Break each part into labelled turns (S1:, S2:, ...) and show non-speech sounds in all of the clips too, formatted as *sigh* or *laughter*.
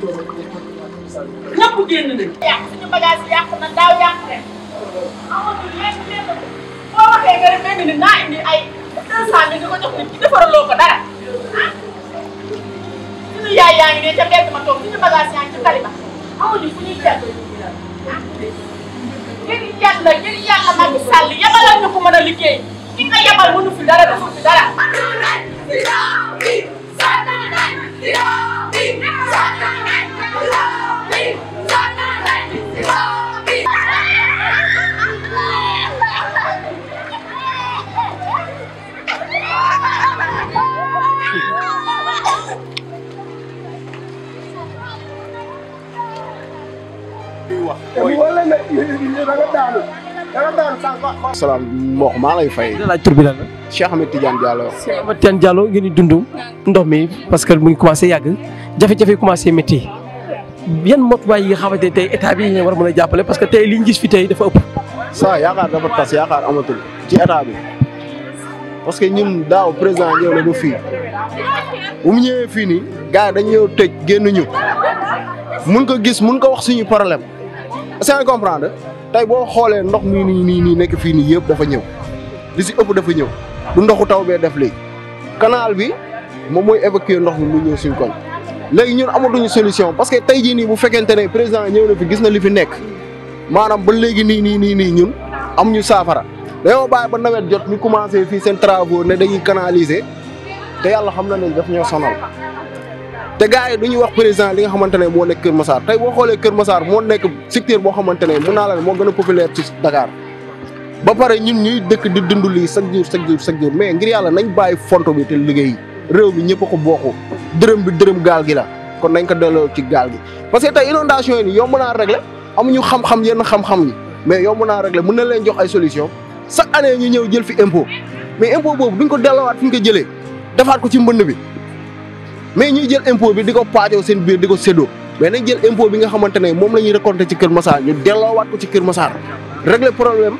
S1: ñëpp génn nañ. yàq suñu bagage yi yàq na daaw yàq nañ. amatul lenn lenn boo waxee nga def benn nit naa indi ay 200 mille nga ko jox nit ki defaraloo ko dara. ah suñu yaay yaa ngi ne ca mbedd ma toog suñu bagage yaa ngi ci tali ba amuñu fu ñuy jàll. ah ngir yàlla ngir yàlla Macky Sall yabalal ñu ko mën a liggéey ki nga yabal mënu fi dara defu fi dara.
S2: salaam mbokk maa lay fay. laaj tur bi lan la. Cheikh Ahmed Tidiane Diallo.
S3: Cheikh Ahmed di dund ndox mi parce que mu ngi commencé yàgg. jafe-jafe commencé métti yan motuwaay yi nga xamante ne tey état bi ñu war a mën a
S2: jàppale parce que tey liñ gis fi tey dafa ëpp. saa yaakaar dafa tas yaakaar amatul ci état bi parce que ñun daaw président ñëw na ba fii bu mu ñëwee fii nii gars yi dañu ñëw tëj génn ñu mun ko gis mun ko wax suñu problème est-ce comprendre tey boo xoolee ndox mi nii nii nekk fii nii yëpp dafa ñëw li si ëpp dafa ñëw du ndoxu taw bee def léegi kanaal bi moom mooy évacuer ndox mi mu ñëw suñu koñ. léegi ñun amatuñu solution parce que tey jii nii bu fekkente ne président ñëw na fi gis na li fi nekk maanaam ba léegi nii nii nii nii ñun am ñu saafara dañoo bàyyi ba nawet jot ñu commencé fii seen travaux ne dañuy canaliser te yàlla xam na ne daf ñoo sonal te gars yi du wax président li nga xamante ne moo nekk Kër Massar tey boo xoolee Kër masaar moo nekk secteur boo xamante ne mun naa la ne moo gën a populaire ci Dakar ba pare ñun ñuy dëkk di dund lii chaque jour chaque jour chaque jour mais ngir yàlla nañ bàyyi fonto bi liggéey réew mi ñëpp a ko dërëm bi dërëm gaal gi la kon nañ ko delloo ci gaal gi parce que tey inondation yi nii yomb naa am ñu xam-xam yenn xam-xam yi mais yomb naa régler mën na leen jox ay solution chaque année ñu ñëw jël fi impôt mais impôt boobu ñu ko delloowaat fi ñu ko jëlee defaat ko ci mbënd bi mais ñuy jël impôt bi di ko paajoo seen biir di ko séddoo mais nañ jël impôt bi nga xamante ne moom la ñuy ci Kër Massar ñu delloowaat ko ci Kër Massar régler problème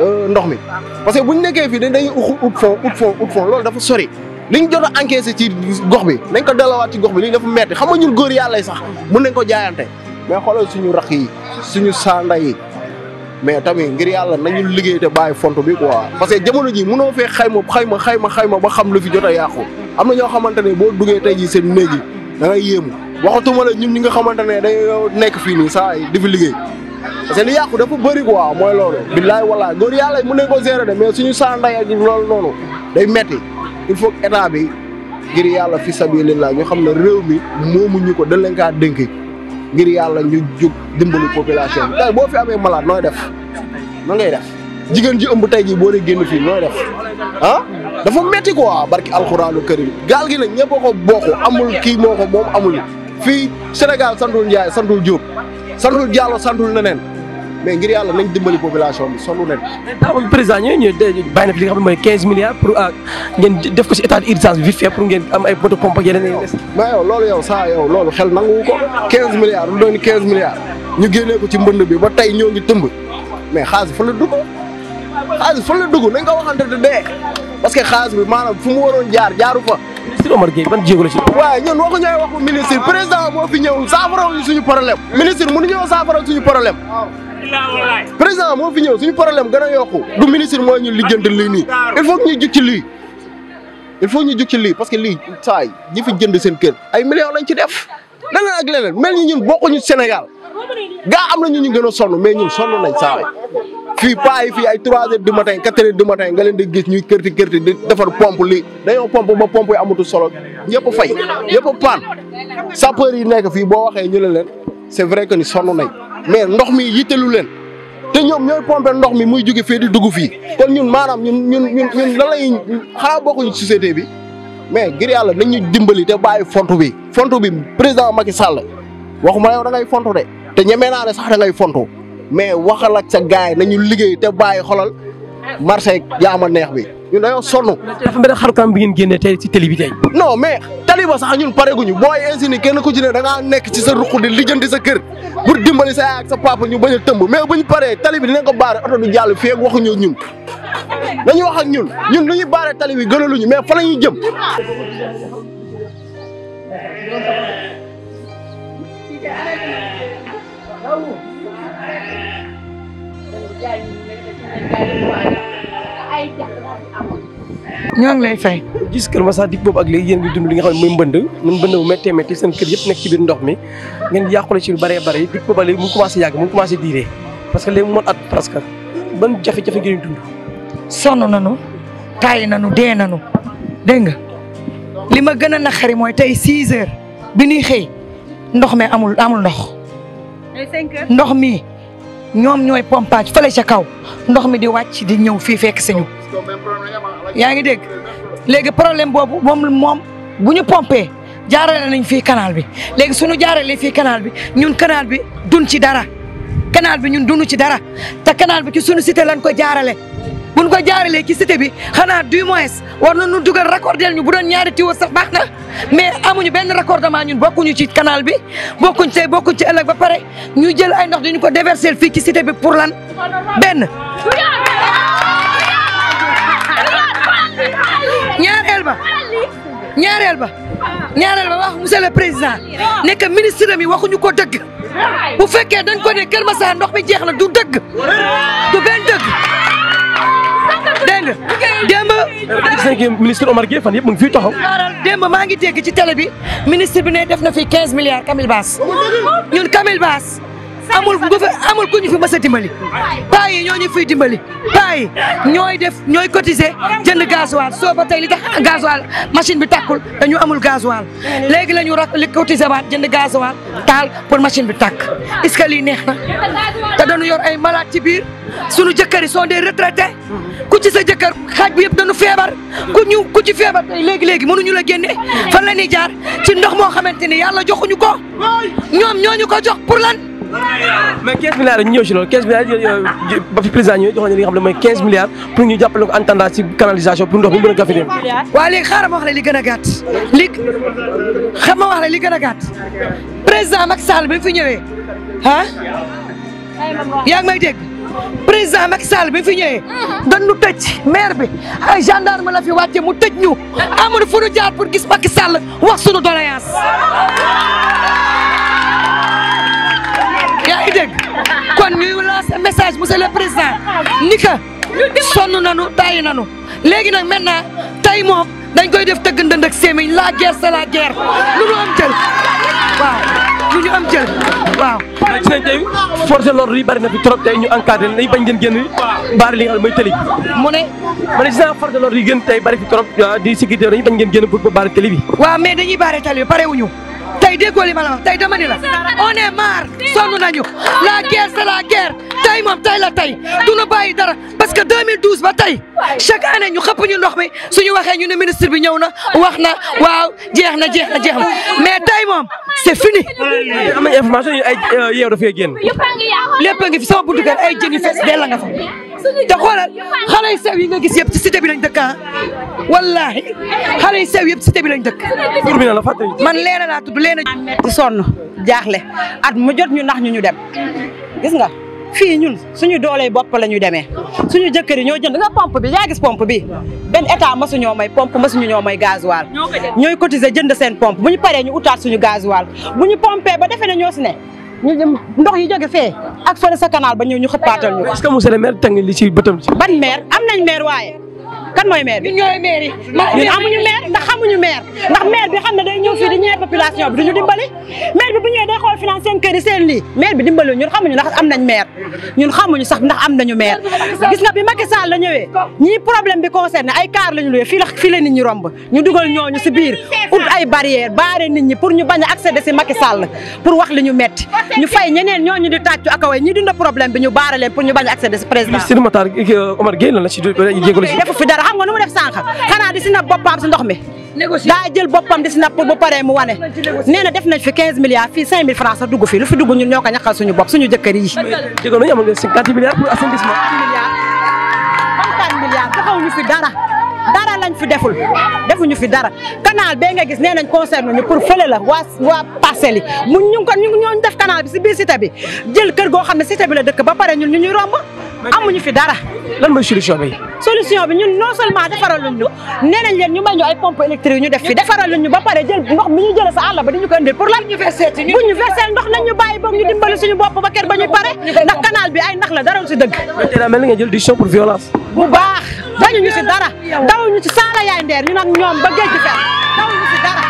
S2: euh, ndox mi parce que buñ nekkee fii dañ dañuy ut fond loolu dafa sori liñ jot a encaissé ci gox bi nañ ko delawaat ci gox bi lii dafa metti xam nga ñun góor yàlla sax mun nañ ko jaayante mais xoolal suñu rax yi suñu sanda yi mais tamit ngir yàlla nañu liggéey te bàyyi font bi quoi parce que jamono ji mënoo fee xayma xayma xayma xayma ba xam lu fi jot a yàqu am na ñoo xamante ne boo duggee tey ji seen néeg yi yéemu waxatuma la ñun ñi nga xamante ne dañoo nekk fii nii saa yi di liggéey parce que li yàqu dafa bëri quoi mooy loolu billaay wallaay góor yàlla mën nañ ko gérer mais suñu sanday ak loolu noonu day metti il faut que bi ngir yàlla fi sabilillah ñu xam ne réew mi moomuñu ko dañ leen kaa dénk ngir yàlla ñu jóg dimbali population boo fi amee malade nooy def na ngay def jigéen ji ëmb tey jii boo dee génn fii nooy def ah dafa metti quoi barki alxuraanu karim gaal gi nag ñëpp a ko bokk amul kii moo ko moom amul fii Sénégal santul Ndiaye santul Diop santul Diallo santul neneen mais ngir yàlla nañ dimbali population bi sonn leen. mais président ñooñu ñu bàyyi na fi li nga xam ne
S3: mooy 15 milliards pour ah, ngeen def ko si état d'urgence bi vite fait am ay poto pompe ak yeneen des.
S2: loolu yow saa yow loolu xel nanguwu ko 15 milliards lu doon 15 milliards ñu génnee ci mbënd bi ba tey ñoo ngi tëmb mais xaalis fa la dugg xaalis fa la ko waxante ne dee parce que xaalis bi maanaam fu mu waroon jaar jaaru fa. ministre Omar Gueye ban waaye ñun waxuñu waxu ministre président président moo fi ñëw suñu problème gën a yokku du ministre mooy ñu lijjanti lii nii il faut ñu jug ci lii il faut ñu jug ci parce que lii saay ñi fi jënd seen kër ay millions lañ ci def leneen ak leneen mel ni ñun ñu Sénégal gaa am na ñu ñu gën a sonn mais ñun sonn nañ saay fii paa yi fii ay trois heures du matin quatre heures du matin nga leen di gis ñu kërti kërti di defar pompe lii dañoo pompe ba pompe yi solo yëpp fay yëpp paan sapeur yi nekk fii boo waxee ñu ne leen c'est vrai que ni sonn nañ mais ndox mi yittelu leen te ñoom ñooy pomper ndox mi muy jóge fii di dugg fii kon ñun maanaam ñun ñun ñun ñun lan lay xanaa bokkuñ société bi mais ngir yàlla nañ ñu dimbali te bàyyi fontu bi fontu bi président Macky Sall waxuma yow da ngay fontu de te ñemee naa ne sax da ngay fontu mais waxal ak sa gaay nañu liggéey te bàyyi xolal marché yaa neex bi ñun dañoo sonn. dafa mel ne xaru kanam bi ngeen génnee tey ci télé bi tey. non mais tali ba sax ñun pare ñu booy insini kenn ku ci ne da ngaa nekk ci sa ruq di lijjanti sa kër pour dimbali sa yaay ak sa papa ñu bañ a tëmb mais buñ paree tali bi dinañ ko baare oto du jàll fii ak waxuñu ñun. dañuy wax ak ñun ñun lu ñuy baaree tali bi gënaluñu mais fa ñuy jëm.
S1: ay
S3: ñoo ngi lay fay. gis Kër Massar dikk boobu ak léegi yéen ngi dund li nga xam ne mooy mbënd mun mbënd bu méttee métti seen kër yëpp nekk ci biir ndox mi ngeen yàqule ci lu bëree bëri dikk boobu ak léegi mu commencé yàgg mu commencé diire
S4: parce que léegi mu mot at presque ban jafe-jafe ngeen dund. sonn nañu taay nañu dee nañu dégg nga li ma gën a naqari mooy tey 6 heures bi nuy xëy ndox mi amul amul ndox. ndox mi ñoom ñooy pompage fële ca kaw ndox mi di wàcc di ñëw fii fekk sañu yaa ngi dégg léegi problème boobu moom bu ñu pompé jaarale nañ fii kanaal bi léegi suñu jaarale fii canal bi ñun canal bi dun ci dara canal bi ñun dunu ci dara te canal bi ci suñu cité lañ ko jaarale bu buñ ko jaaralee ci cité bi xanaa du moins war nañu dugal raccordel ñu bu doon ñaari tuyaux sax baax na mais amuñu benn raccordement ñun bokkuñu ci kanaal bi bokkuñ tey bokkuñ ci ëllëg ba pare ñu jël ay ndox di ñu ko déverser fii ci cité bi pour lan benn. ñaareel ba ñaareel ba ñaareel ba wax monsieur le président nekk ministre mi waxuñu ko dëgg bu fekkee dañ ko ne Kër Massar ndox mi jeex na du dëgg du benn dëgg. dégg nga démb gis ministre Omar Gueye fan yëpp mu ngi fii maa ngi dégg ci télé bi ministre bi ne def na fi 15 milliards Camille Bass ñun Camille Bass amul amul ku ñu fi mës a dimbali paa yi ñu fiy dimbali paa yi ñooy def ñooy cotiser jënd gasoil soo ba tey li tax *laughs* gasoil machine bi takkul dañu amul gasoil léegi la ñu rak li cotiser waat jënd gasoil taal pour machine bi tàkk est-ce neex na te dañu yor ay malaat ci biir sunu jëkkër yi sont des retraités ku ci sa jëkkër xaaj bi yëpp dañu feebar ku ñu ku ci feebar tey léegi-léegi ñu la génne fan la ñuy jaar ci ndox moo xamante ni yàlla joxuñu ko ñoom ñooñu ko jox pour lan mais 15 ñu
S3: ñëw si loolu 15 milliards ba fi président ñëwee joxoon li nga xam ne mooy 15 milliards pour ñu jàppale ko en tendance ci canalisation pour ndox mi mën a gafe dem
S4: waaw léegi xaaral ma wax la li gën a gàtt li xam ma wax la a gàtt président Macky Sall bi fi ñëwee ah yaa may dégg président Macky Sall bi fi ñëwee. Mhm. dañu tëj maire bi ay gendarme la fi wàcce mu tëj ñu. amul fu ñu jaar pour gis Macky Sall wax sunu doléance. yaa ngi dégg kon ñuy lancer message monsieur le président ni que sonn nañu tàyyi nañu léegi nag maintenant tey moom dañ koy def tëgg ndënd ak la guerre c'est la guerre lu nu am waaw. ñu ñu am cër waaw.
S3: gis nañ tey force de l'ordre bari na fi trop tey ñu encadré nañ bañ ngeen génn baari li de l'ordre yi gën tey bari ah, di sécurité dañu bañ ngeen génn pour baari tëli bi
S4: la wax tey dama ni nañu la guerre c'est la guerre tey moom tey la tey duñu bàyyi dara parce que ba tey chaque année ñu xëpp ñu ndox mi suñu waxee ñu ne ministre bi ñëw na wax na waaw jeex na jeex na jeex na mais tey moom c'est fini. am
S3: nañ ay euh, yeew dafay génn.
S4: lépp a ngi fi sama buntu kër ay jën yu fees dell nga fa te xoolal xale yu sew yi nga gis yëpp ci cité bi lañ dëkk ah wallaahi xale yi sew yëpp ci cité bi lañ dëkk. tur bi la fàttali. man leena
S1: laa tudd leena. di sonn jaaxle at mu jot ñu nax ñu ñu dem gis nga. fii ñun suñu doole bopp la ñu demee suñu jëkkër yi ñoo jënd nga pompe bi yaa gis pompe bi benn état ma ñoo may pompe masu ñu ñoo may gasoil ñooy cotiser jënd seen pompe bu ñu paree ñu utaat suñu gasoil bu ñu pompee ba defee ne ñoo si ne ñu ndox yi jóge fee ak fële sa canal ba ñëw ñu xëppaatal ñu. est-ce
S3: que
S1: am nañ maire waaye. kan mooy maire bi ñun ñooy maire yi ñun amuñu maire ndax xamuñu maire ndax maire bi xam ne day ñëw fii di ñëwee population bi duñu dimbali maire bi bu ñëwee day xool finance seen kër seen lii maire bi dimbali ñun xamuñu ndax am sax ndax am nañu maire gis nga bi Macky Sall la ñëwee ñii problème bi concerné ay car lañu luwee fii la fii la ñu dugal ñooñu si biir ut ay barrière baare nit ñi pour ñu bañ a accéder si Macky Sall pour wax li ñu metti ñu fay ñeneen ñooñu di tàccu akaway ñi dund problème bi ñu baare leen ñu bañ a accéder si président la xam nga nu mu def sànq xanaa di si napp boppam si ndox mi daa jël boppam di si napp ba pare mu wane nee na def nañ fi 15 milliards fii 5000 francs sax dugg fii lu fi dugg ñun ñoo ko ñaqal suñu bopp suñu jëkkër yi jëkkër ñu amal 50 milliards pour assainissement 50 milliards 50 milliards taxaw ñu fi dara lañ fi deful defuñu fi dara canal bee nga gis nee nañ concerne ñu pour fële la waa waa mu ñu ko ñooñu def canal bi si biir cité bi jël kër goo xam ne cité bi la dëkk ba pare ñun ñu ñuy romb amuñu fi dara. lan bi. solution bi may ñu def fi defaraluñ ñu ba pare jël ndox mi ñu jëlee sa àll ba di ñu ko indil pour lan. ñu versé ndox ñu bàyyi ñu dimbali ba kër ba ñuy pare ndax canal bi ay nax la dara si dëgg. mel ni nga jël décision pour violence. bu baax dañuñu si dara dawuñu si saala yaay ndeer ñu nag ñoom ba géej gi fer dawuñu si dara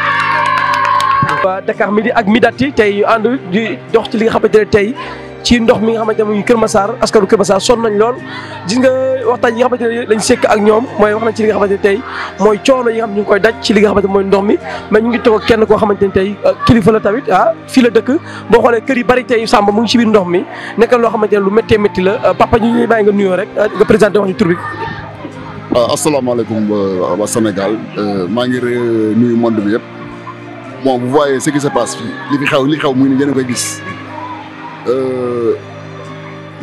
S3: waa Dakar Midi ak Midati tey ñu ànd di dox ci li nga xamante ne tey ci ndox mi nga xamante ne muy Kër Massar askanu Kër Massar sonn nañ lool gis nga waxtaan yi nga xamante ne lañ sekk ak ñoom mooy wax nañ ci li nga xamante ne tey mooy coono yi nga koy daj ci li nga xamante ne mooy ndox mi mais ñu ngi toog kenn koo xamante ne tey euh, kilifa la tamit ah, fii la dëkk boo xoolee kër yi bari tey sàmb mu ngi ci biir ndox mi nekk loo xamante ne lu mettee métti la euh, papa ñu ñuy bàyyi nga nuyoo rek euh, nga présenté wax ñu
S5: waaw euh, asalaamaaleykum euh, waa Sénégal euh, maa ngi nuyu monde bi yëpp bon vous voyez ce qui se passe fii li fi xew li xew muy ni yéen a koy gis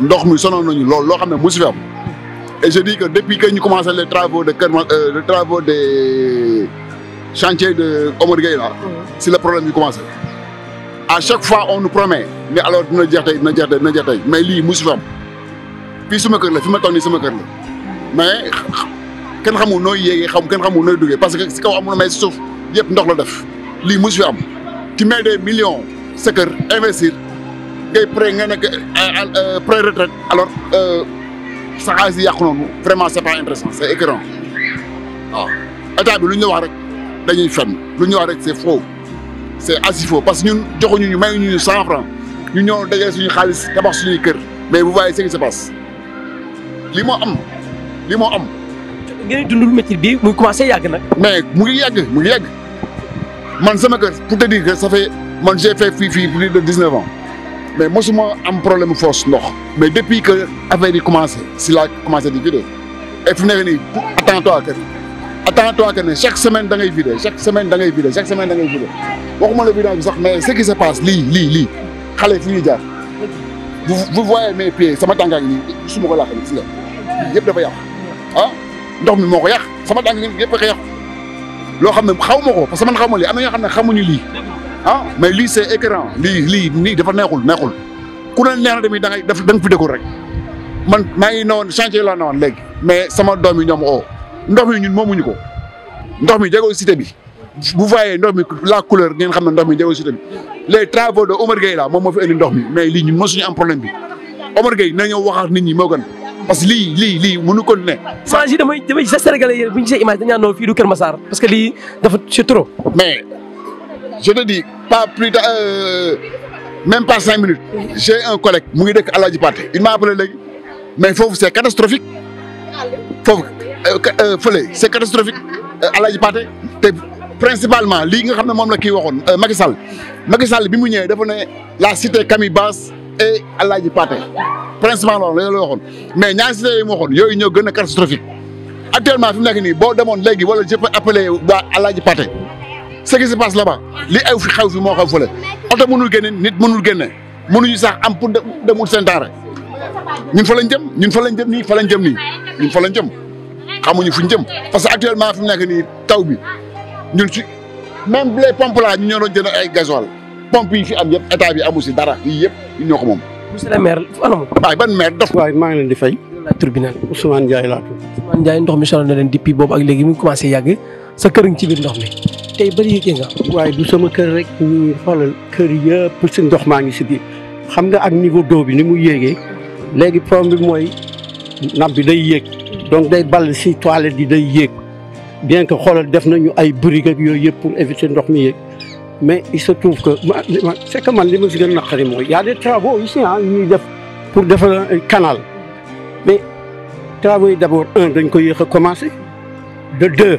S5: ndox mi sonoon nañu lool loo xam ne mosu fi am et je dis que depuis que ñu commencé les travaux de Kër les travaux des chantiers de Omar Gueye là. Mm-hmm. si le problème bi commencé. à chaque fois on nous promet mais alors dina a tey dina jeex tey dina jeex mais lii mosu fi suma fii kër la fi ma toog nii sama kër la mais. kenn xamul nooy yéegee xam kenn xamul nooy duggee parce que si kaw amul may suuf yëpp ndox la def lii mus fi am tu de des millions sa kër investir ngay prêt nga nekk euh, euh, euh, prêt retraite alors sa xaalis yi yàqu noonu vraiment c'est pas intéressant c'est écœurant waaw ah. lu ñu wax rek dañuy fenn lu ñu wax rek c'est faux c'est assez faux parce que ñun joxuñu ñu mayuñu ñu cent francs ñu ñoo dajale suñu xaalis tabax suñuy kër mais bu voyez ce qui se lii moo am lii moo am. ngeen dundul métier bi muy commencé yàgg nag. mais mu ngi yàgg mu ngi yàgg man sama kër pour te dire que ça fait man j'ai fait fii fii plus de dix neuf ans mais mosuma am problème force ndox. mais depuis que affaire yi commencé si laa commencé di vidéo et fu mu nekk nii attends-toi que ne chaque semaine da ngay vidéo chaque semaine da ngay vidéo chaque semaine da ngay bi sax mais ce qui se passe lii lii lii xale fu ñuy jaar vous vous voyez mes sama tàngaay nii suma ko laaxee gis nga yëpp ndox mi moo ko yàq sama dànk yëpp a ko loo xam ne xaw ma ko parce que man xaw ma li am na ñoo xam ne xamuñu lii ah mais lii c'est écran lii lii nii dafa neexul neexul ku ne neex na tamit da ngay def da nga rek man maa ngi newoon chantier laa newoon léegi mais sama doom yi ñoom oo oh, ndox mi ñun moomuñu ko ndox mi jegoo cité bi bu voyez ndox mi la couleur ngeen xam ne ndox mi jegoo cité bi les moom moo fi ndox mi mais lii ñun mosuñu am problème bi Omar Gueye na ñëw waxaat nit ñi moo gën parce que lii lii lii mënu ko ne. saa yi damay damay gis Sénégalais yi bu image dañu naan fii du Kër Massar parce que lii dafa c'est trop. mais je te dis pas plus tard euh, même pas cinq minutes. j'ai un collègue mu ngi dëkk Aladji Pathé il m'a appelé léegi mais foofu c'est catastrophique foofu euh, euh, fële c'est catastrophique Aladji Pathé te principalement lii nga xam ne moom la kii waxoon Macky Sall Macky bi mu ñëwee def ne la cité Camille Basse. et eh, Alaaji Paate principalement loolu la la waxoon mais ñaari cité yi mu waxoon yooyu ñoo gën a catastrophique actuellement fi mu nekk nii boo demoon léegi wala je peux appeler waa Alaaji Paate ce qui se passe là-bas li aw fi xaw fi moo xaw fële oto mënul génne nit mënul génne mënuñu sax am pour demul seen daara ñun fa lañ jëm ñun fa lañ jëm nii fa lañ jëm nii ñun fa lañ jëm xamuñu fuñ jëm parce que actuellement fi mu nekk nii taw bi ñun ci même les pompes là ñu ñoo jënd ay gasoil pompe yi fi am yëpp état bi amu si dara yii yëpp ñoo ko moom. monsieur le maire waaye
S6: ban maire dof. waaye maa ngi leen di fay. la tribunal Ousmane Ndiaye laa tudd. Ousmane ndox mi sonal na leen depuis boobu ak léegi mu commencé yàgg sa kër ngi ci biir ndox mi tey bari yëgee nga. waaye du sama kër rek ñu xoolal kër yëpp si ndox maa ngi si biir xam nga ak niveau d'eau bi ni mu yéegee léegi problème bi mooy napp bi day yéeg donc day ball si toilette yi day yéeg bien que xoolal def nañu ay briques yooyu yëpp pour éviter ndox mi yéeg. mais il se trouve que c'est que man li ma si gën a naqari mooy y a des travaux ici ah ñuy def pour defar un canal mais travaux yi d'abord un dañ ko yéex a commencé de deux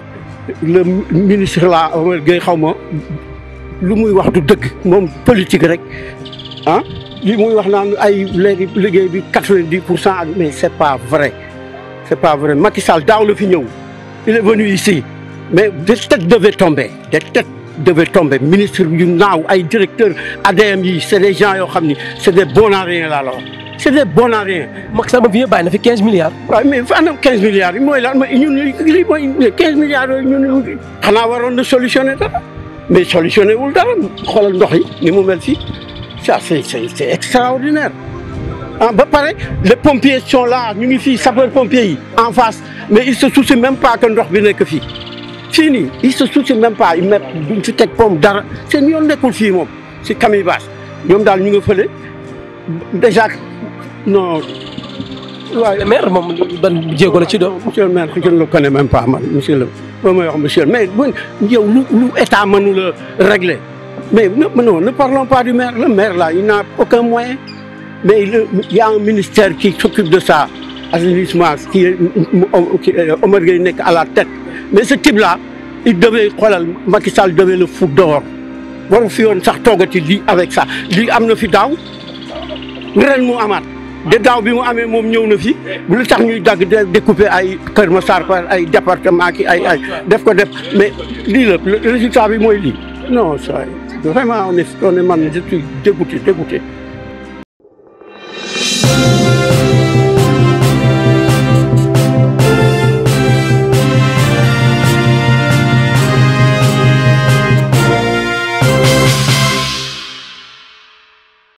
S6: le ministre la Omar Gueye xaw ma lu muy wax du dëgg moom politique rek ah li muy wax naan ay léegi liggéey bi quatre-vingt-dix pour cent ak mais c'est pas vrai c'est pas vrai Macky Sall daaw la fi ñëw il est venu ici mais des têtes devaient tomber des têtes devait tomber ministre yu naaw ay directeur ADM yi c' est des gens yoo xam ni c' est des bons à rien laa la wax c' est des bons à rien. Macky Sall moom na fi 15 milliards. ana 15 milliards yi mooy lan mooy ñun lii mooy 15 milliards waroon na solutionner dara mais solutionner wul dara xoolal ndox yi ni mu mel fii ça c' est c' extraordinaire. ah ba pare les pompiers sont là ñu ngi fii sapeur pompier yi en face mais ils se soucient même pas que ndox bi nekk fii. fii nii il se soucie même pas il met duñ fi teg pomme dara seen yoon nekkul fii moom si Camille Basse ñoom daal ñu nga fële déjà non. waaye le maire moom ban jéego la ci doon. monsieur le maire je ne monsieur le moom mooy monsieur mais bu yow lu lu état la régler mais non ne parlons pas du maire le maire là il n'a aucun moyen mais il y a un ministère qui s'occupe de ça assainissement qui Omar Gueye nekk à la tête. mais ce type là il devait xoolal Macky Sall devait le foutre dehors waru fi yoon sax toogati lii avec sax lii am na fi daaw ren mu amaat de daaw bi mu amee moom ñëw na fi lu tax ñuy dagg de découper ay Kër Massar ko ay département ki ay ay def ko def mais lii la résultat bi mooy li non ça vraiment on est on est man je suis